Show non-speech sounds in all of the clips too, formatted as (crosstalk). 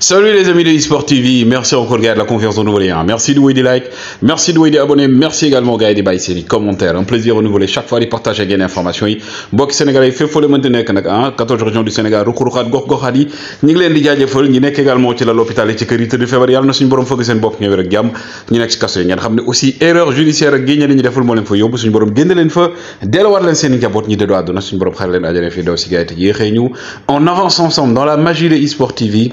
Salut les amis de eSport TV, merci encore gars de la confiance de renouveler. Merci de vous des likes, merci de vous des abonnés, merci également gars de baisser les commentaires. Un plaisir de renouveler chaque fois de partager des informations. Bok Sénégalais, fait faut le maintenir hein 14 régions du Sénégal, Roukouroukat, Gorgokhadi, ñi ngi leen di jaajëfal ñi également ci la l'hôpital ci kër yi tëdd février, yàlla na suñu borom fëgg seen bopp ñëw rek jàmm ñi nekk ci kaso yi ngeen xam aussi erreur judiciaire ak génne ñu deful moo leen fa yóbbu suñu borom génne leen fa delluwaat leen seen i ñi dédoo àdduna suñu borom xare leen ajane fii daw si gars yi te ñu on avance ensemble dans la magie de eSport TV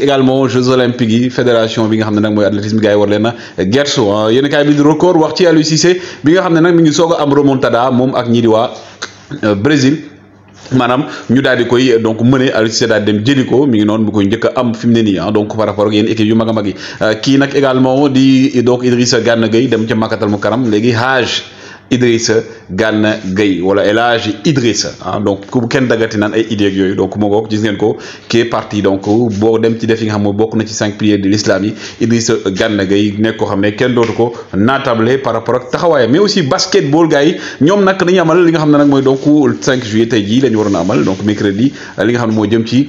également Jeux olympiques fédération bi nga xamné nak moy athlétisme gars yi war leen a gersu ah. yéen bi di record wax ci Aliou Cissé bi nga xamné nak mi ngi soog am remontada mom ak ñidi wa euh, Brésil. manam ñu daal di koy donc mené Aliou Cissé daal dem jëliko mi ngi non bu koy njëkk am fimné ni ah. donc par rapport ak yenn équipe yu mag a mag yi euh, également di donc Idrissa Gana Gueye dem ci Makatal mu karam léegi Hage. Idrissa Gana Gueye wala El Idrissa hein? donc ku kenn daggati nan ay idées yooyu donc moo ngoog gis ngeen ko qui est parti donc bo dem ci def yi nga xam mo bokku na ci 5 piliers de l'islam yi Idrissa Gana Gueye nekk koo xam ne kenn dotu ko naatable par rapport ak taxawaayam mais aussi basketball gars ñom nak dañu amal li nga xam ne nag mooy donc 5 juillet tay ji lañu ñu amal donc mercredi li nga xam mo jëm ci.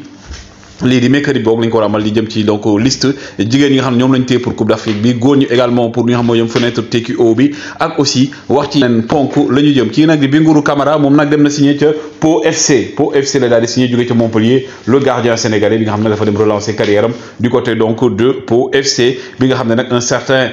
Les di mercredi bi boobu lañ ko war di jëm ci donc liste jigen yi nga xam ñom lañ téye pour coupe d'Afrique bi góor ñu également pour ñu nga xam moo jëm fenêtre TQO bi ak aussi wax ci leen ponk lañu jëm ci nak di Bingourou Camara mom nak dem na signer ci Pau FC Pau FC la daal di signé jóge Montpellier le gardien sénégalais bi nga xam ne dafa dem relancer carrière am du côté donc de Pau FC bi nga xam né nak un certain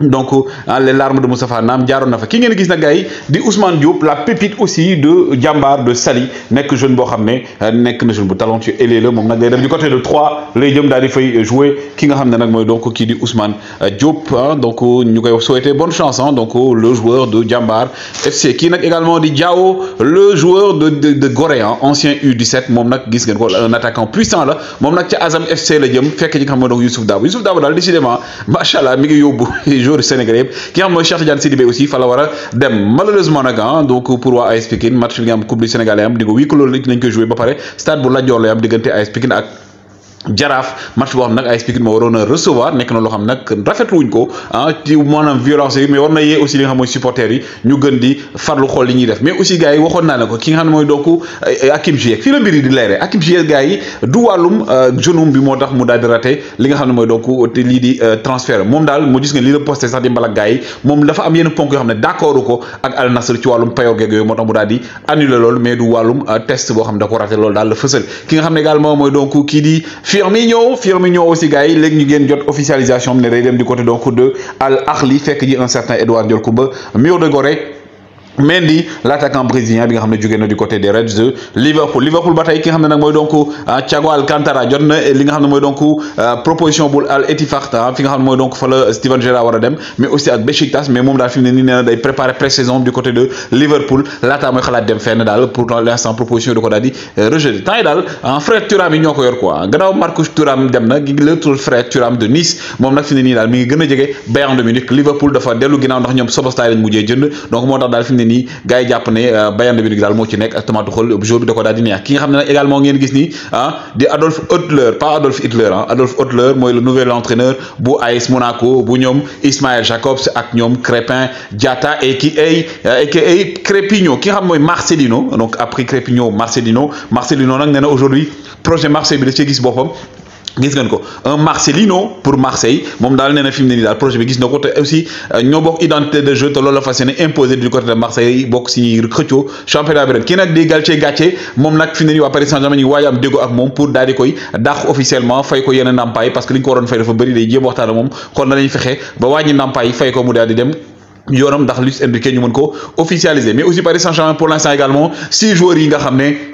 donc les euh, larmes de Moustapha Naam jaaroon na fa ki ngeen gis na gay di Ousmane Diop la pépite aussi de Jambar de Sali nek jeune bo xamné euh, nek na jeune bu talentueux élee la moom nag day dem du côté de 3 lay jëm dal di fay jouer ki nga xamné nak moy donc ki di Ousmane euh, Diop hein. donc ñukay souhaiter bonne chance hein. donc le joueur de Jambar FC ki nak également di Diao le joueur de de Gorée hein, ancien U17 mom nak gis ngeen ko un attaquant puissant la mom nak ci Azam FC la jëm fekk ñi nga xam donc Youssouf Dabo Youssouf Dabo dal décidément (laughs) machallah mi ngi yobbu (laughs) joueur Sénégalais yëpp ki nga xam mooy Cheikh Tidiane Sidibé aussi fa la war a dem malheureusement nag ah donc pour waa AS Pikine match bi nga xam coupe du Sénégal am di ko huis clos lañ ko ba pare stade bu Lat Dior lay am diggante AS Pikine ak jaraaf match boo xam nag AS Pikine moo waroon a recevoir nekk na loo xam nag rafetlu wuñ ko ah ci maanaam violence yi mais war na yee aussi li nga xam mooy supporters yi ñu gën di farlu xool li ñuy def mais aussi gars yi waxoon naa ne ko ki nga xam ne mooy donc eh, Hakim Ziyech fii la mbir yi di leere Hakim Ziyech gars yi du wàllum eh, jeune bi moo tax mu daal di raté li nga xam ne mooy donc lii di eh, transfert moom daal moo gis nga lii la posté sax di mbal ak gars yi moom dafa am yenn ponk yoo xam ne d' accord ko ak Al Nassr ci wàllum payo geeg yooyu moo tax mu daal di annulé loolu mais du wàllum test boo xam ne da ko raté loolu daal la fësal ki nga xam ne également mooy donc kii di Firmino Firmino aussi gars yi léegi ñu génn jot officialisation am ne day dem du côté donc de Al Ahli fekk ji un certain Edouard Diolkouba mur Mendy l'attaquant brésilien bi nga xamné ne na du côté des Reds de Liverpool Liverpool bataille ki nga xamné nak moy donc euh, Thiago Alcantara jot li nga xamné moy donc euh, proposition bu Al Ettifaq fi nga xamné moy donc fa le Steven Gerrard wara dem mais aussi ak Besiktas mais mom da fi mu ne nii day préparer pré-saison du côté de Liverpool laataa moy xalat dem fenn dal pour l'instant proposition da ko daal euh, rejeté temps dal daal hein, Fred Thuram yi ñoko yor quoi gannaaw Marcus Thuram dem na l'autre Fred Thuram de Nice mom nak fi mu ne nii mi ngi gën a jege Bayern de Munich Liverpool dafa dellu ginnaaw ndax ñoom Szoboszlai lañ mujjé jënd donc moo tax daal fi ne nii gars ne euh, Bayern Munich dal mo ci nek ak Thomas Tuchel jour bi da ko dal di neex ki nga xamne également ngeen gis ni ah di Adolf Hitler pas Adolf Hitler hein Adolf Hitler moy le nouvel entraîneur bu AS Monaco bu ñom Ismaël Jacobs ak ñom Crépin Diatta et qui ay et qui ay Crépigno ki nga xam moy Marcelino donc après Crépigno Marcelino Marcelino nak nee aujourd'hui projet Marseille bi da ci gis boppam gis ngeen ko un Marcelino pour Marseille moom daal nee na fi mu ne nii daal projet bi gis na ko te aussi euh, ñoo bokk identité de jeu te loolu la fas imposé du côté de Marseille bokk si ñuy xëccoo championnat bi ren kii nag di Galtier Gattier moom nag fi ne nii waa Paris Saint-Germain ñu waaj am déggoo ak moom pour daal di koy dàq officiellement fay ko yenn ndàmpaay parce que li ñu ko waroon fay dafa bëri day jéem waxtaan ak moom xool na lañu fexe ba wàññi ndàmpaay fay ko mu daal di dem. yoonam ndax Luis Enrique ñu mën ko officialiser mais aussi Paris Saint-Germain pour l'instant également six joueurs yi nga xam ne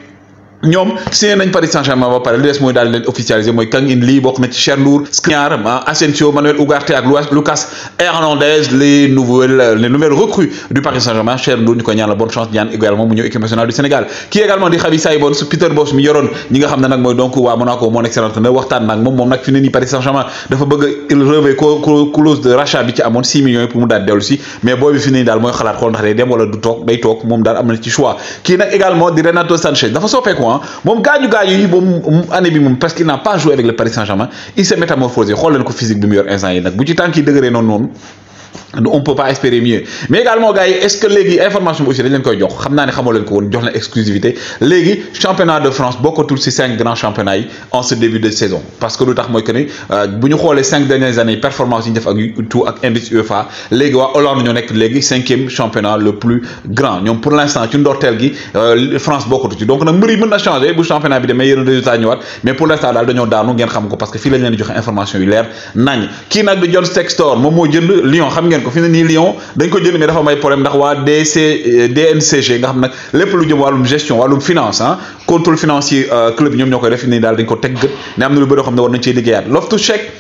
ñom signé nañ Paris Saint-Germain ba pare li des mooy daal leen officialisé mooy Kang In Lee bokk na ci Chernour Skriniar ah, Asensio Manuel Ugarte ak Lucas Hernandez les nouvelles les nouvelles recrues du Paris Saint-Germain Chernour ñu ko ñaan la bonne chance ñaan également mu ñeu équipe nationale du Sénégal kii également di Xavi su Peter Bosz mi yoron ñi nga xam ne nag donc wa Monaco mon excellent entraîneur waxtaan nak mom mom nak fini ni Paris Saint-Germain dafa bëgg relever clause de rachat bi ci amone 6 millions pour mu dal dellu ci mais booy bi fini dal moy xalat xol ndax day dem wala du tok day tok mom dal amna ci choix ki nak également di Renato Sanchez dafa soppeeku ah. ah moom gaañu gaañu yi moom année bi moom parce qu'il n'a pas joué avec le Paris Saint-Germain il s'est métamorphosé xool leen ko physique bi mu yor instant yi nag bu ci tànk yi dëgëree noonu noonu. on peut pas espérer mieux mais également gars est-ce que légui information aussi dañ len koy jox xamna ni ne xamoo ko won jox na exclusivité légui championnat de France tout ci cinq grands championnats en ce début de saison parce que lu moy que ni euh, buñu xolé cinq dernières années performance yi def ak tout ak indice UEFA léegi waa Hollande nek légui 5 cinquième championnat le plus grand ñom pour l'instant ci ndortel gi euh, France bokkatu ci donc nak mbir yi mën changer bu championnat bi demee yeneen résultat wat mais pour l'instant dal dañu daanu ngeen xam ko parce que fi lañ leen di jox information yu lèr nañ ki nak di John Textor moom mo jënd Lyon xam ngeen nañ ko fi ne Lyon dañ ko jënd mais dafa may problème ndax wa DC euh, DNCG nga xam nak lepp lu jëm walum gestion walum finance hein contrôle financier euh, club ñom ñoom ñoo koy def fi nii dañ ko teg gët ne am na lu bëri xam na war nañ cee liggéeyaat loftus chèque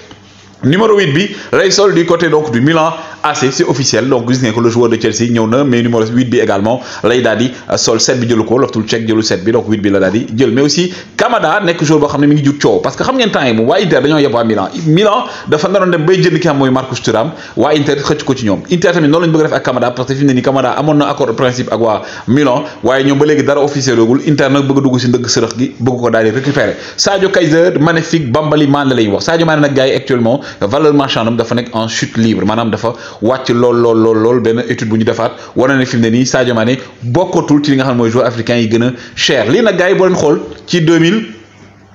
numéro 8 bi lay sol du côté donc du Milan assez c'est officiel donc gis ngeen ko le joueur de Chelsea ñëw na mais numéro 8 bi également lay daal euh, sol 7 bi jël ko loftul check jëlu 7 bi donc 8 bi la daal jël mais aussi Kamada nek joueur bo xamné mi ngi jur coow parce que xam ngeen temps yi mu wa Inter dañu yeb waa Milan Milan dafa naroon dem bay jënd ki am mooy Marcus Thuram wa Inter xëcc ko ci ñom Inter tamit non lañu bëgg def ak Kamada parce que fi mu ne nii Kamada amon na accord principe ak wa Milan waye ñom ba légui dara officiel yoogul Inter nak bëgg dugg ci ndëgg sërëx gi bëgg ko daal récupérer Sadio Kaiser magnifique Bambali man lay wax Sadio man nak gars actuellement valeur marchande dafa nek en chute libre manam dafa wàcc lool lool lool lool benn étude bu ñu defaat war na ne fi mu ne nii Sadio Mané bokkatul ci li nga xam mooy joueur africain yi gën a cher lii nag gars yi boo leen xool ci 2000.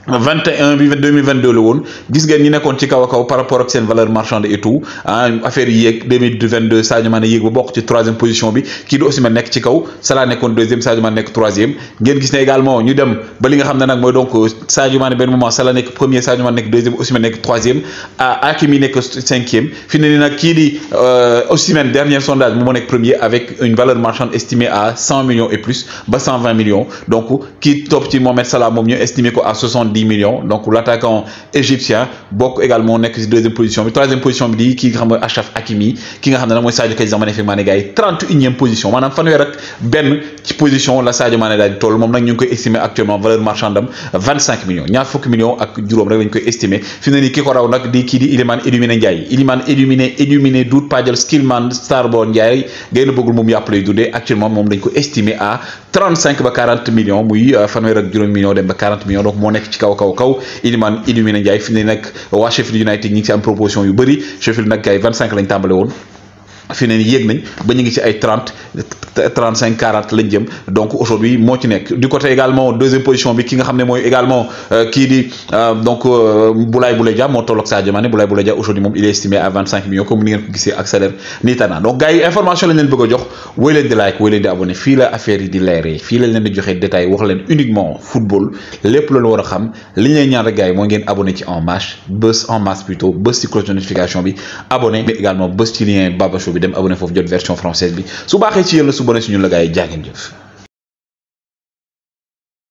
21 bi 2022 le woon gis ngeen ñi nekkoon ci kaw kaw par rapport ak seen valeur marchande et tout ah, affaire yi 2022 ça Mané yéeg ba bokk troisième position bi kii di Osimhen nekk ci kaw Salah nekkoon deuxième Sadio Mané nekk troisième ngeen gis ne également ñu dem ba li nga xam ne nag mooy donc euh, Sadio Mané moment Salah nekk premier ça Mané nekk deuxième aussi nekk troisième à ah, Akimi nekk cinquième finalement qui ni aussi euh, même dernier sondage mu moo nekk premier avec une valeur marchande estimée à 100 millions et plus ba 120 millions donc qui top ci Mohamed Salah moom ñu estimé ko à 60 10 millions. Donc, l'attaquant égyptien, Bok également, n'est que deuxième position. Mais troisième position, il dit qu'il y Achaf Hakimi, qui n'a un message de Kazan Mané Manegaï, 31e position. Je suis en train position, la Sadio Manegaï, tout le monde est estimé actuellement, valeur marchande, 25 millions. Il y a un millions à Durom, il que estimé. Finalement, il dit est éliminé Il est éliminé, éliminé, doute pas de Skillman, Gai le il est beaucoup plus appelé Doudé. Actuellement, mon est estimé à 35 à 40 millions. Il y a un millions de 40 millions, donc mon équipe kaw kaw kaw Iliman Illuminé Ndiaye fi ne nag waa Sheffield United ñi ngi am proposition yu bëri Sheffield nag gars yi vingt cinq lañ tàmbale fi ne nañ ba ñu ngi ci ay trente trente cinq quarante lañ jëm donc aujourd'hui mo ci nekk du côté également deuxième position bi ki nga xamné moy également euh, ki di euh, donc Boulay euh, Boulaye Dia moo tolloog Sadio Mané Boulay Boulaye Dia aujourd'hui mom il est estimé à vingt cinq millions comme ni ngeen ko gisee ak salaire nii donc gars yi information lañ leen bëgg jox woy leen di like woy leen di abonné fi la affaire yi di leeree fi lañ leen di joxé détail wax leen uniquement football lépp loolu wara xam li ñay ñaan rek gars yi ngeen abonné ci en masse Buzz en masse plutôt Buzz ci cloche de notification bi abonné mais également Buzz ci lien Baba Show bi vous abonné à la version française bi su avez